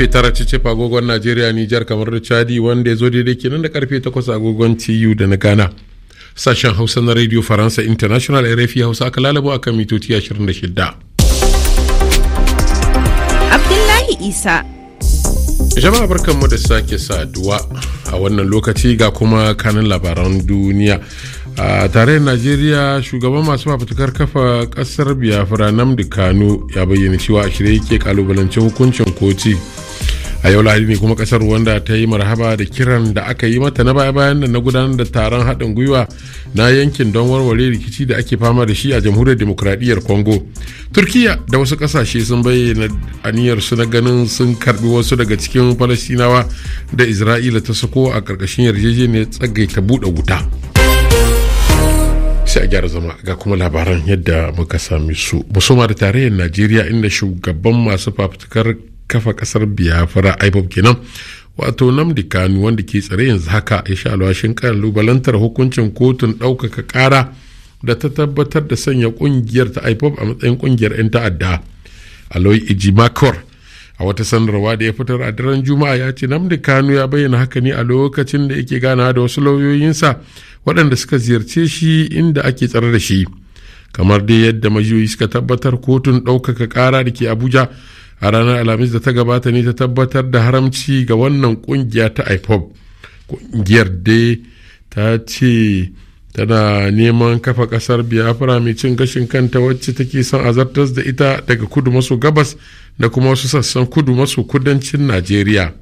karfe 9 cicif agogon Najeriya Nijar kamar da Chadi wanda ya zo daidai kenan da karfe 8 agogon TU da na Ghana. Sashen Hausa na Radio Faransa International RFI Hausa aka lalabo akan mitoci 26. Abdullahi Isa Jama'a mu da sake saduwa a wannan lokaci ga kuma kanin labaran duniya. a tarayyar najeriya shugaban masu fafutukar kafa kasar biafra namdi kano ya bayyana cewa a shirye yake kalubalance hukuncin koci a yau lahadi ne kuma kasar wanda ta yi marhaba da kiran da aka yi mata na baya bayan na gudanar da taron haɗin gwiwa na yankin don warware rikici da ake fama da shi a jamhuriyar demokradiyyar congo turkiya da wasu ƙasashe sun bayyana aniyar su na ganin sun karbi wasu daga cikin falastinawa da isra'ila ta sako a ƙarƙashin yarjejeniyar tsagaita buɗe wuta sai a gyara zama ga kuma labaran yadda muka sami su musamman da tarayyar najeriya inda shugaban masu fafutukar kafa kasar biafra ipob kenan wato namdi kanu wanda ke tsare yanzu haka ya sha alwashin kalubalantar hukuncin kotun ɗaukaka ƙara da ta tabbatar da sanya ƙungiyar ta ipob a matsayin ƙungiyar 'yan ta'adda aloy ijimakor a wata sanarwa da ya fitar a daren juma'a ya ce namdi kanu ya bayyana haka ne a lokacin da yake gana da wasu lauyoyinsa waɗanda suka ziyarce shi inda ake tsare da shi kamar dai yadda majiyoyi suka tabbatar kotun ɗaukaka ƙara da ke abuja a ranar alhamis da ta gabata ne ta tabbatar da haramci ga wannan kungiya ta ipob kungiyar dai ta ce tana neman kafa kasar biafra mai cin gashin kanta wacce take son azartar da ita daga kudu maso gabas da kuma wasu sassan kudu maso kudancin najeriya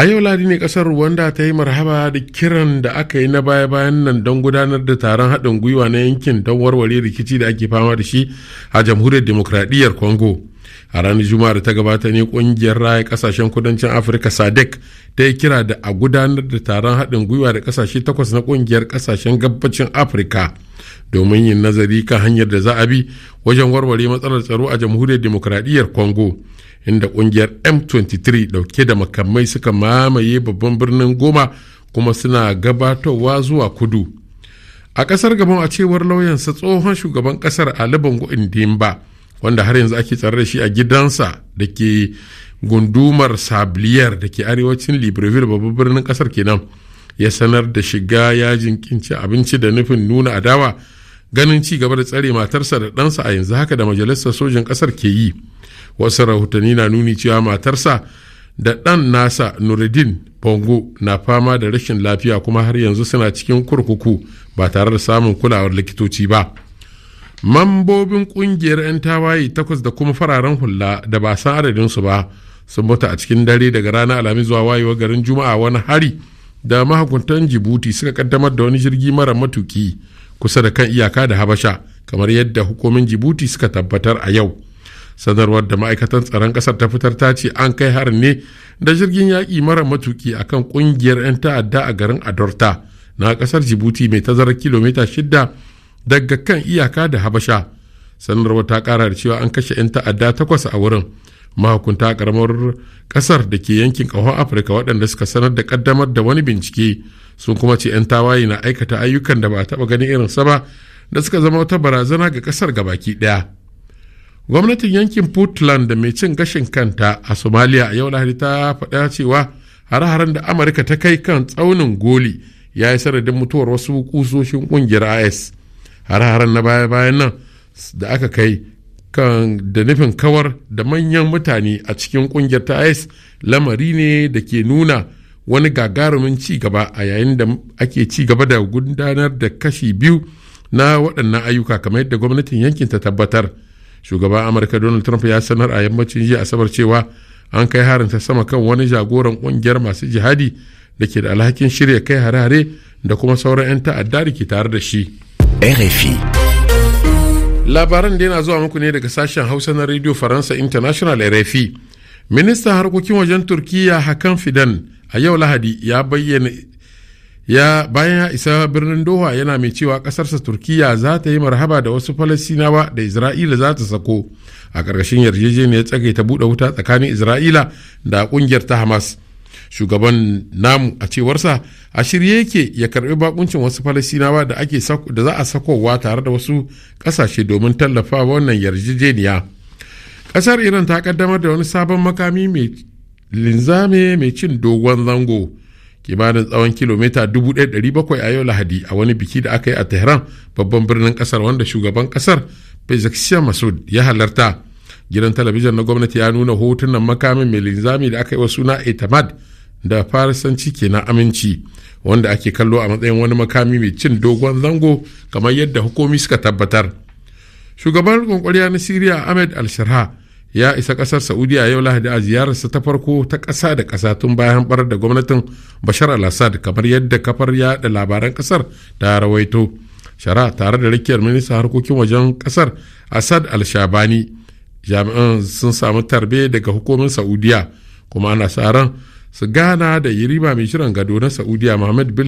a yau ladi ne kasar rwanda ta yi marhaba da kiran da aka yi na baya-bayan nan don gudanar da taron haɗin gwiwa na yankin don warware rikici da ake fama da shi a jamhuriyar demokradiyyar congo a ranar juma'ar ta gabata ne kungiyar raya kasashen kudancin afirka sadek ta yi kira da a gudanar da taron haɗin gwiwa da kasashe takwas na kungiyar kasashen gabacin afirka domin yin nazari kan hanyar da za a bi wajen warware matsalar tsaro a jamhuriyar demokradiyyar congo inda kungiyar m23 dauke da makamai suka mamaye babban birnin goma kuma suna gabatowa zuwa kudu a kasar gabon a cewar lauyansa tsohon shugaban kasar ali indimba wanda har yanzu ake tsare da shi a gidansa da ke gundumar sabliyar da ke arewacin libreville babban birnin kasar kenan ya sanar da shiga yajin kinci abinci da nufin nuna adawa ganin ci gaba da tsare matarsa da ɗansa a yanzu haka da majalisar sojin ƙasar ke yi wasu rahotanni na nuni cewa matarsa da ɗan nasa nuruddin bongo na fama da rashin lafiya kuma har yanzu suna cikin kurkuku ba tare da samun kulawar likitoci ba. mambobin kungiyar 'yan tawaye takwas da kuma fararen hula da ba san su ba sun mutu a cikin dare daga ranar alhamis zuwa wayewar garin juma'a wani hari da mahukuntan jibuti suka kaddamar da wani jirgi mara matuki kusa da kan iyaka da habasha kamar yadda hukumin jibuti suka tabbatar a yau sanarwar da ma'aikatan tsaron kasar ta fitar ta ce an kai harin ne da jirgin yaƙi mara matuki kan ƙungiyar 'yan ta'adda a garin adorta na kasar jibuti mai tazarar kilomita shida daga kan iyaka da habasha sanarwar ta kara da cewa an kashe 'yan ta'adda takwas a wurin mahukunta karamar kasar da ke yankin ƙahon afirka waɗanda suka sanar da kaddamar da wani bincike sun kuma ce 'yan tawaye na aikata ayyukan da ba a taɓa ganin irinsa ba da suka zama wata barazana ga ƙasar baki ɗaya gwamnatin yankin puntland da mai cin gashin kanta a somalia a yau lahadi ta faɗa cewa hare-haren da amurka ta kai kan tsaunin goli ya yi sanadin mutuwar wasu kusoshin ƙungiyar is har-haren na baya-bayan nan da aka kai kan da nufin kawar da manyan mutane a cikin kungiyar ta is lamari ne da ke nuna wani gagarumin ci gaba a yayin da ake ci gaba da gudanar da kashi biyu na waɗannan ayyuka kamar yadda gwamnatin yankin ta tabbatar shugaban amurka donald trump ya sanar a yammacin jiya asabar cewa an kai harin ta sama kan wani jagoran kungiyar masu jihadi da ke da alhakin shirya kai hare-hare da kuma sauran 'yan ta'adda da ke tare da shi RFI. Labaran da yana zuwa muku ne daga sashen Hausa na Radio Faransa International RFI. Ministan harkokin wajen Turkiyya Hakan Fidan a yau Lahadi ya bayyana ya bayan ya isa birnin Doha yana mai cewa kasarsa Turkiyya za ta yi marhaba da wasu Falasinawa da Isra'ila za ta sako a ƙarƙashin yarjejeniyar tsagaita buɗe wuta tsakanin Isra'ila da ƙungiyar ta Hamas. shugaban namu a cewarsa a shirye yake ya karbi bakuncin wasu falasinawa da ake da za a sakowa tare da wasu kasashe domin tallafa wannan yarjejeniya kasar iran ta kaddamar da wani sabon makami mai linzame mai cin dogon zango kimanin tsawon kilomita 1700 a yau lahadi a wani biki da aka yi a tehran babban birnin kasar wanda shugaban kasar pezeshkian masud ya halarta gidan talabijin na gwamnati ya nuna hotunan makamin mai linzami da aka yi wa suna etamad da farisanci ke na aminci wanda ake kallo a matsayin wani makami mai cin dogon zango kamar yadda hukumi suka tabbatar shugaban kwakwariya na siriya ahmed al-sharha ya isa kasar saudiya yau lahadi a ziyararsa ta farko ta kasa da kasa tun bayan barar da gwamnatin bashar al-assad kamar yadda kafar yada labaran ƙasar ta rawaito shara tare da rikiyar ministan harkokin wajen ƙasar asad al-shabani jami'an sun samu tarbe daga hukumin saudiya kuma ana sa ran su gana da yiriba mai shirin gado na saudiya muhammad bin